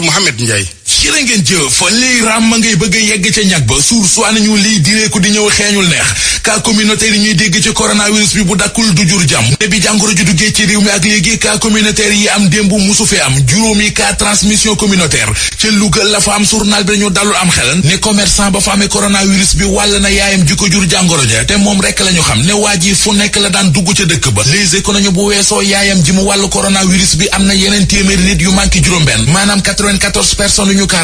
Amadou Mohamed Ndiaye jërë ngeen jëf lii ràmm ngay bëgg a yegg ca ñag ba suur su anañu lii direeku di ñëw xeeñul neex cas communautaire yi ñuy dégg ci coronavirus bi bu dakkul du jur jàmm ne bi jàngoro ji duggee ci réew mi ak léegi cas communautaire yi am démb musu fi am juróomi cas transmission communautaire ca am na te moom rek la ñu yeneen téeméeri nit yu manqué juróom-benn maanaam 94 personnes yu ak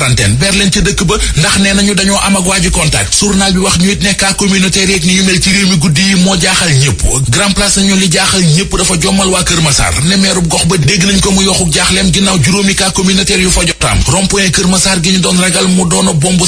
waa mel ci réew guddi moo jaaxal ñëpp grand place nañu li jaaxal ñëpp dafa jommal waa Kër Massar ne meerub gox ba dégg nañ ko mu yoxu jaaxleem ginnaaw juróomi cas communautaire yu fa jotaam rond-point Kër Massar gi ñu doon ragal mu doona bombe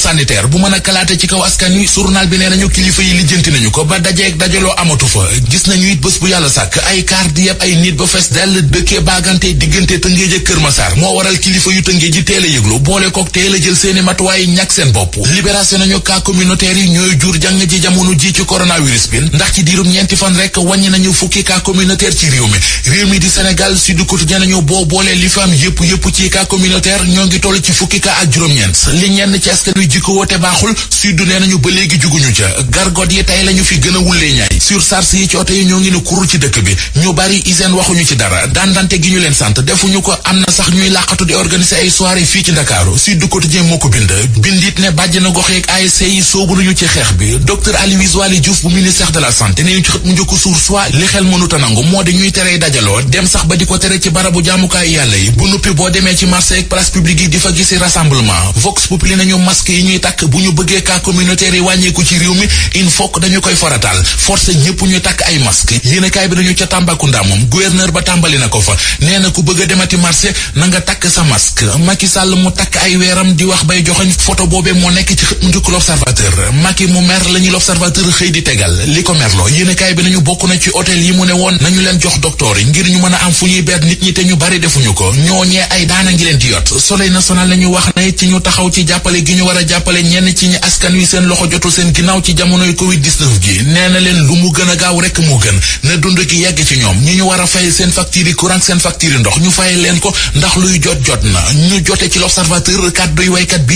bu mën a kalaate ci kaw askan wi journal bi nee nañu kilifa yi lijjanti nañu ko ba dajeeg dajaloo amatu fa gis nañu it bés bu yàlla sàkk ay kaar di yeb ay nit ba fes dell dëkkee baagante diggante Tëngéej ak Kër Massar moo waral kilifa yu Tëngéej ji teel a yëglu boole kook teel a jël seeni matuwaay ñàkk seen bopp libération nañu cas communautaire yi ñooy jur jàng ji jamono ji ci corona coronavirus bi ndax ci diirum ñeenti fan rek wàññi nañu fukki cas communautaire ci réew mi réew mi di Sénégal Sud Quotidien nañu boo boolee li fi yëpp yëpp ci cas communautaire ñoo ngi toll ci fukki cas ak juróom-ñeent li ñenn ci wi jikko woote baaxul Sud nee nañu ba léegi juguñu ca gargot yi tey lañu fi gën a wullee ñaay sur sars yi ci yi ñoo ngi ne kurul ci dëkk bi ñu bari hygiène waxuñu ci dara dandante gi ñu leen sant defuñu ko am na sax ñuy làqatu di organiser bi Diouf bu ministère de la santé ne ñu ci xët mu njëkk suur soit li xel mënuta nangu moo di ñuy teree dajaloo dem sax ba di ko tere ci barabu jaamukaay yàlla yi bu nuppi boo demee ci marché ak place publique yi di fa gisi rassemblement vox populi nañu masque yi ñuy tàkk bu ñu bëggee cas communautaire yi wàññeeku ci réew mi il faut que dañu koy faratal forcé ñëpp ñu tàkk ay masque yéenekaay bi nañu ca Tambacounda moom gouverneur ba tàmbali na ko fa nee na ku bëgg demati marché na nga takk sa masque Macky Sall mu takk ay weeram di wax bay joxoñ photo boobee moo nekk ci xët mu njëkk l'observateur Macky mu mer lañu l'observateur xëy di tegal li ko merlo yéen a kaay bi nañu bokk na ci hôtel yi mu ne woon nañu leen jox docteur yi ngir ñu mën a am fu ñuy beet nit ñi te ñu bari defuñu ko ñooñee ay daana ngi leen di yot soleil national wax na ci ñu taxaw ci jàppale gi ñu war a jàppale ñenn ci ñi askan wi seen loxo jotul seen ginnaaw ci jamonoy covid 19 gi nee na leen lu mu gën a gaaw rek moo gën na dund gi yegg ci ñoom ñi ñu war a fay seen facture yi courant seen facture yi ndox ñu fay leen ko ndax luy jot jot na ñu jote ci l'observateur kàdduy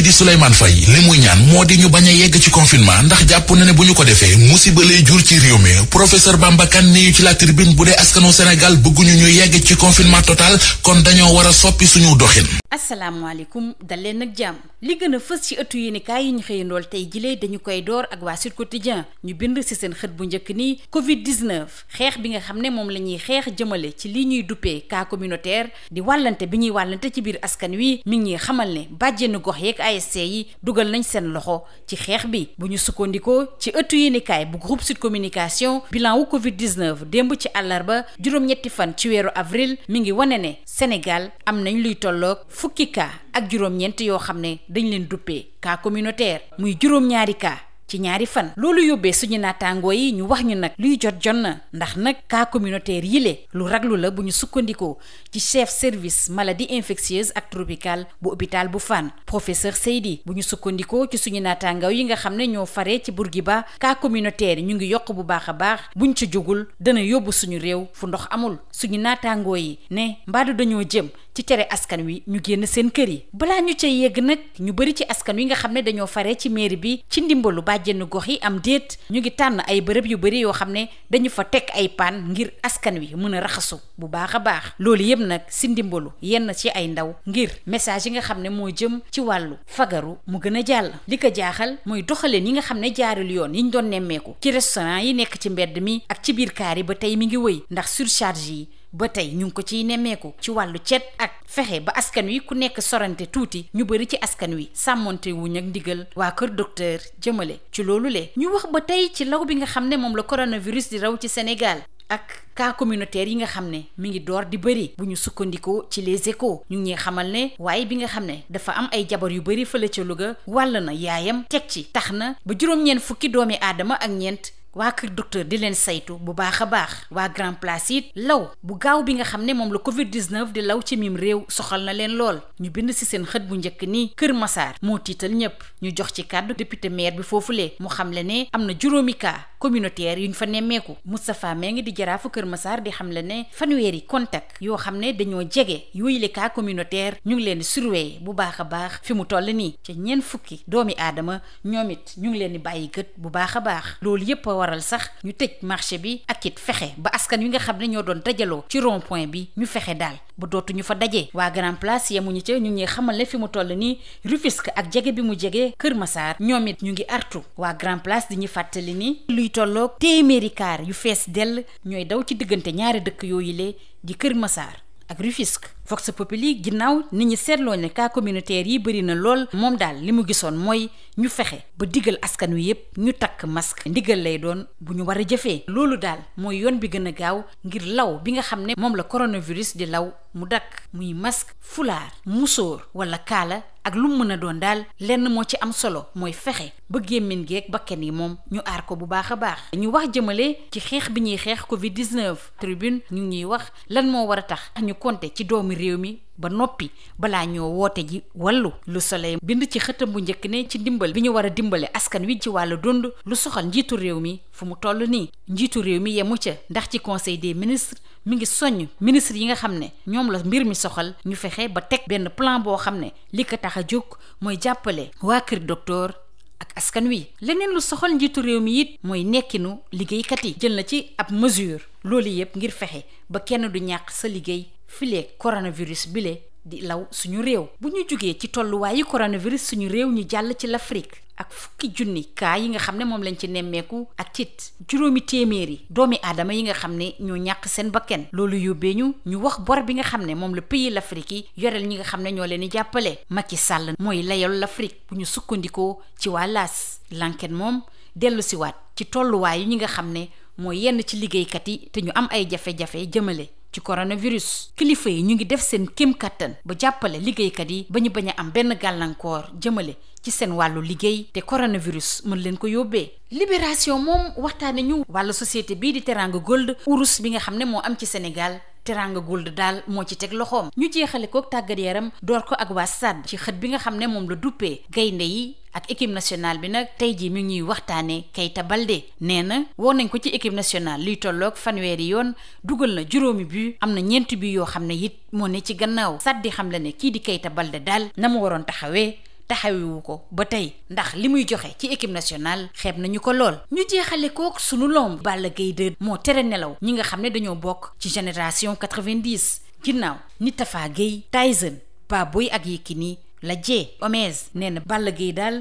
di Souleymane Faye li muy moo di ñu bañ a yegg ci confinement ndax musiba lay jur ci réew mi professeur Bamba Kane nii ci la tribune bu dee askanu Sénégal bëgguñu ñu yegg ci confinement total kon dañoo war soppi suñu doxin. asalaamaaleykum daleen nag jàmm li gën a fës ci ëttu yéenekaay yi ñu xëyandool tey jilee dañu koy door ak waa Sud Quotidien ñu bind ci seen xët bu njëkk ni Covid 19 xeex bi nga xam ne moom la ñuy xeex jëmale ci lii ñuy duppee cas communautaire di wàllante bi ñuy wàllante ci biir askan wi mi ngi xamal ne bàjjenu gox yeeg ASC yi dugal nañ seen loxo bu groupe Sud Communication bilan wu Covid 19 démb ci àllarba juróom-ñetti fan ci weeru avril mi ngi wane ne Sénégal am nañ luy tolloog fukki cas ak juróom-ñeent yoo xam ne dañ leen duppee cas communautaire muy juróom-ñaari cas. ci ñaari fan loolu yóbbee suñu naataangoo yi ñu wax ñu nag luy jot jot na ndax nag cas communautaire yile lu raglu la bu ñu sukkandikoo ci chef service maladie infectieuse ak tropicale bu hôpital bu Fann professeur Seydi bu ñu sukkandikoo ci suñu naataangoo yi nga xam ne ñoo faree ci Bourguiba cas communautaire ñu ngi yokk bu baax a baax buñ ci jógul dana yóbbu suñu réew fu ndox amul suñu naataangoo yi ne mbaadu dañoo jëm ci tere askan wi ñu génn seen kër yi balaa ñu cay yegg nag ñu bëri ci askan wi nga xam ne dañoo faree ci mairie bi ci ndimbalu bàjjenu gox yi am déet ñu ngi tànn ay bërëb yu bëri yoo xam ne dañu fa teg ay paan ngir askan wi mën a raxasu bu baax a baax loolu yëpp nag si ndimbalu yenn ci ay ndaw ngir message yi nga xam ne moo jëm ci wàllu fagaru mu gën a jàll li ko jaaxal mooy doxaleen yi nga xam ne jaarul yoon yi ñu doon nemmeeku ci restaurant yi nekk ci mbedd mi ak ci biir kaar yi ba tey mi ngi wëy ndax surcharge yi ba tey ñu ngi ko ciy nemmeeku ci wàllu cet ak fexe ba askan wi ku nekk sorante tuuti ñu bëri ci askan wi sàmmoonte wuñ ak ndigal waa kër docteur jëmale ci loolu le ñu wax ba tey ci law bi nga xam ne moom la coronavirus di raw ci Sénégal ak cas communautaire yi nga xam ne mi ngi door di bëri bu ñu sukkandikoo ci les échos ñu ngi xamal ne waaye bi nga xam ne dafa am ay jabar yu bëri fële ca Louga wàll na yaayam teg ci tax na ba juróom-ñeent fukki doomi aadama ak ñeent waa kër docteur di leen saytu bu baax a baax waa grand place it law bu gaaw bi nga xam ne moom la Covid 19 di law ci mim réew soxal na leen lool ñu bind ci seen xët bu njëkk nii Kër Massar moo tiital ñëpp ñu jox ci kàddu député maire bi foofulee mu xam le ne am na juróomi cas communautaire yu ñu fa nemmeeku Moustapha mee ngi di jaraafu Kër Massar di xam le ne fanweeri contact yoo xam ne dañoo jege yooyu le cas communautaire ñu ngi leen di surveiller bu baax a baax fi mu toll nii ca ñeent fukki doomi aadama ñoom it ñu ngi leen di bàyyi gët bu baax a baax loolu yépp waral sax ñu tëj marché bi ak it fexe ba askan wi nga xam ne ñoo doon dajaloo ci ron point bi ñu fexe daal ba dootuñu fa dajee waa grand place yemuñu ca ñu ñuy xamal ne fi mu toll nii Rufisque ak jege bi mu jege Kër masaar ñoom it ñu ngi artu waa grand place di ñu fàttali ni luy tolloog téeméeri kaar yu fees dell ñooy daw ci diggante ñaari dëkk yooyu le di Kër masaar ak Rufisque Vox Populi ginnaaw nit ñi seetloo ne cas communautaire yi bëri na lool moom daal li mu gisoon mooy ñu fexe ba digal askan wi yépp ñu takk masque ndigal lay doon bu ñu war a jëfee loolu daal mooy yoon bi gën a gaaw ngir law bi nga xam ne moom la coronavirus di law mu dakk muy masque fulaar musóor wala kaala ak lu mu mën a doon daal lenn moo ci am solo mooy fexe ba gémmin geeg bakken yi moom ñu aar ko bu baax a baax ñu wax jëmale ci xeex bi ñuy xeex covid 19 tribune ñu ngi ñuy wax lan moo war a tax ñu compter ci doomi réew mi ba noppi balaa ñoo woote ji wàllu lu soleil bind ci xëtam bu njëkk ne ci dimbal bi ñu war a dimbale askan wi ci wàllu dund lu soxal njiitu réew mi fu mu toll nii njiitu réew mi yemu ca ndax ci conseil des ministres mi soññ ministre yi nga xam ne ñoom la mbir mi soxal ñu fexe ba teg benn plan boo xam ne li ko tax a jóg mooy jàppale waa këri docteur ak askan wi leneen lu soxal njiitu réew mi it mooy nekkinu liggéeykat yi jël na ci ab mesure loolu yëpp ngir fexe ba kenn du ñàkk sa liggéey fileeg coronavirus bile di law suñu réew bu ñu jógee ci tolluwaayu coronavirus suñu réew ñu jàll ci l'Afrique ak fukki junni kaa yi nga xam ne moom lañ ci nemmeeku ak tit juróomi téeméeri doomi aadama yi nga xam ne ñoo ñàkk seen bakken loolu yóbbee ñu ñu wax bor bi nga xam ne moom la pays l'Afrique yi yoreel ñi nga xam ne ñoo leen di jàppale Macky Sall mooy layal l'Afrique bu ñu sukkandikoo ci waa laas moom dellu siwaat ci tolluwaay yi ñi nga xam ne mooy yenn ci liggéeykat yi te ñu am ay jafe-jafe jëmale ci coronavirus kilifa yi ñu ngi def seen kéem kattan ba jàppale liggéeykat yi ba ñu bañ a am benn gàllankoor jëmale ci seen wàllu liggéey te coronavirus mën leen ko yóbbee libération moom waxtaane ñu wàllu société bii di Teranga Gold urus bi nga xam ne moo am ci Sénégal Teranga Gold daal moo ci teg loxoom ñu jeexale kook tàggat yaram door ko ak waa SAD ci xët bi nga xam ne moom la duppee gaynde yi ak équipe nationale bi nag tey jii mi ngi ñuy waxtaanee Keita balde nee na woo nañ ko ci équipe nationale luy tollook fanweeri yoon dugal na juróomi bi am na ñeenti bi yoo xam ne it moo ne ci gannaaw sàddi xam la ne kii di Keita Baldé daal na mu waroon taxawee. taxawiwu ko ba tey ndax li muy joxe ci équipe nationale xeeb nañu ko lool ñu jeexale kook sunu lomb Balla Gaye 2 moo tere nelaw ñi nga xam ne dañoo bokk ci génération 90 ginnaaw ni Tafa Gueye Tyson Baboy ak nii la jee omes nee na Balla Gaye daal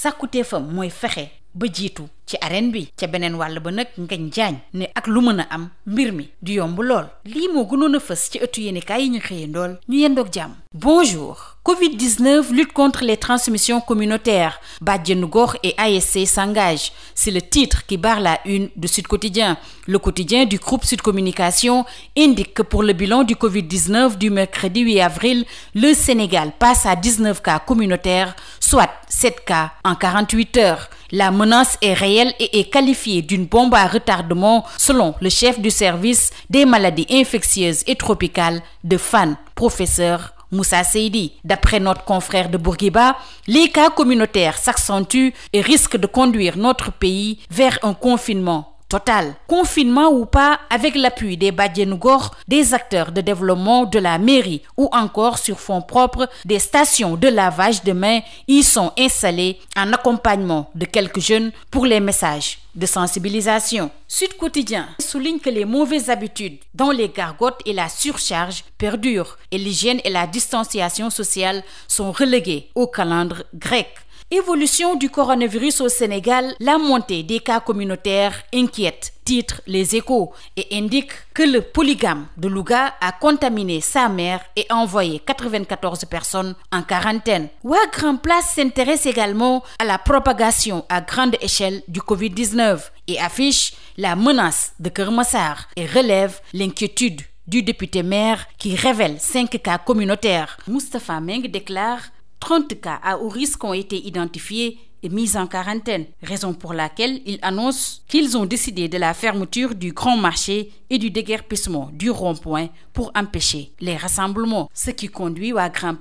sàkkutee fam mooy fexe ba jiitu ci arène bi ca beneen wàll ba nag ngañ jaañ ne ak lu mën a am mbir mi du yomb lool lii moo gunoon a fës ci ëttu yéenekaay yi ñu xëyee ndool ñu yendoog jàmm bonjour covid-19 lutte contre les transmissions communautaires Bàjjenu Gox et ASC s'engagent c'est le titre qui barre la une du Sud Quotidien le quotidien du groupe Sud Communication indique que pour le bilan du covid-19 du mercredi 8 avril le Sénégal passe à 19 cas communautaires soit 7 cas en 48 heures La menace est réelle et est qualifiée d'une bombe à retardement selon le chef du service des maladies infectieuses et tropicales de Fann, professeur Moussa Seydi. D'après notre confrère de Bourguiba, les cas communautaires s'accentuent et risquent de conduire notre pays vers un confinement totale confinement ou pas avec l'appui des bajenu gox des acteurs de développement de la mairie ou encore sur fonds propres des stations de lavage de mains y sont installées en accompagnement de quelques jeunes pour les messages de sensibilisation. Sud Quotidien souligne que les mauvaises habitudes dont les gargotes et la surcharge perdurent et l'hygiène et la distanciation sociale sont reléguées au calendrier grec. Évolution du coronavirus au Sénégal, la montée des cas communautaires inquiète, titre Les Échos, et indique que le polygame de Louga a contaminé sa mère et envoyé 94 personnes en quarantaine. Waa Grand Place s'intéresse également à la propagation à grande échelle du Covid-19 et affiche la menace de Keur Massar et relève l'inquiétude du député maire qui révèle cinq cas communautaires. Moustapha Meng déclare 30 cas à haut risque ont été identifiés et mis en quarantaine, raison pour laquelle ils annoncent qu'ils ont décidé de la fermeture du grand marché et du déguerpissement du rond-point pour empêcher les rassemblements, ce qui conduit à Grand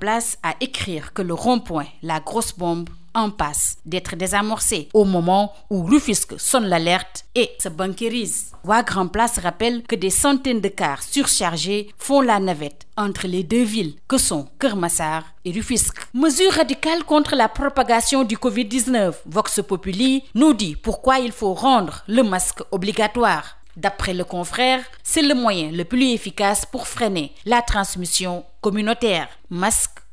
à écrire que le rond-point, la grosse bombe en passe d'être désamorcée au moment où Rufisque sonne l'alerte et se banquérise. Waa Grand Place rappelle que des centaines de cars surchargés font la navette entre les deux villes que sont Keur Massar et Rufisque. Mesures radicales contre la propagation du Covid-19. Vox Populi nous dit pourquoi il faut rendre le masque obligatoire. D'après le confrère, c'est le moyen le plus efficace pour freiner la transmission communautaire.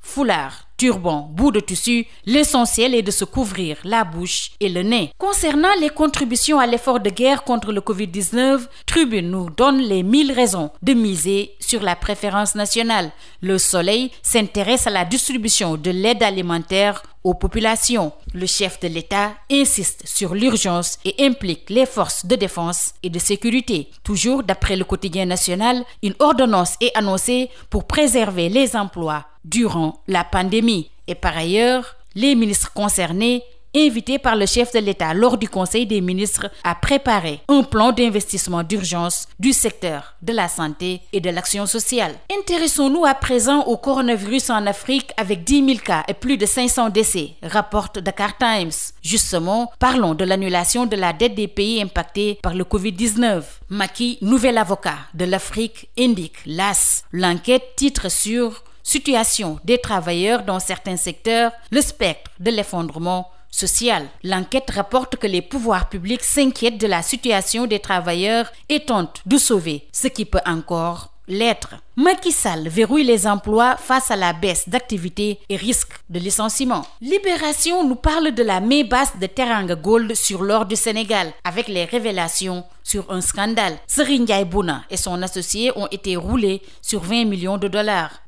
foulard, turban, bout de tissu, l'essentiel est de se couvrir la bouche et le nez. Concernant les contributions à l'effort de guerre contre le Covid-19, Tribune nous donne les mille raisons de miser sur la préférence nationale. Le Soleil s'intéresse à la distribution de l'aide alimentaire aux populations. Le chef de l'État insiste sur l'urgence et implique les forces de défense et de sécurité. Toujours d'après le quotidien national, une ordonnance est annoncée pour préserver les emplois durant la pandémie. Et par ailleurs, les ministres concernés invité par le chef de l'État lors du Conseil des ministres, à préparer un plan d'investissement d'urgence du secteur de la santé et de l'action sociale. Intéressons-nous à présent au coronavirus en Afrique avec 10 000 cas et plus de 500 décès, rapporte Dakar Times. Justement, parlons de l'annulation de la dette des pays impactés par le Covid-19. Maki, nouvel avocat de l'Afrique, indique l'AS. L'enquête titre sur situation des travailleurs dans certains secteurs, le spectre de l'effondrement social. L'enquête rapporte que les pouvoirs publics s'inquiètent de la situation des travailleurs et tentent de sauver ce qui peut encore l'être. Macky Sall verrouille les emplois face à la baisse d'activité et risque de licenciement. Libération nous parle de la main basse de Teranga Gold sur l'or du Sénégal avec les révélations sur un scandale. Serigne Ndiaye Bouna et son associé ont de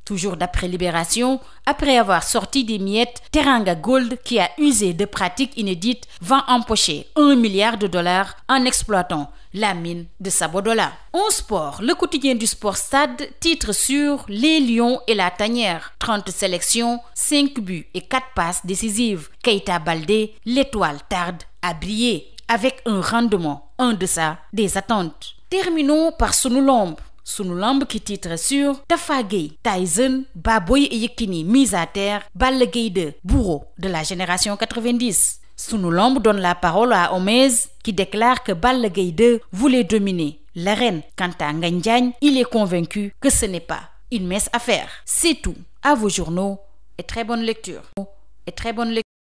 Toujours d'après Libération, après avoir sorti des miettes, Teranga Gold, qui a usé de pratiques inédites, va empocher 1 milliard de dollars en exploitant la mine de Sabodola. En sport, le quotidien du Sport Stade titre sur Les Lions et la tanière. 30 sélections, 5 buts et 4 passes décisives. Keita Baldé, l'étoile tarde à briller avec un rendement en deçà des attentes. Terminons par sunu lamb qui titre sur Tafa Gueye Tyson Baboy Yekini mise à terre balle Gaye 2 de la génération 90 sunu lamb donne la parole à Omez qui déclare que Balla Gaye 2 voulait dominer l'arène quant à Ngagne Diagne il est convaincu que ce n'est pas une mince affaire c'est tout à vos journaux et très bonne lecture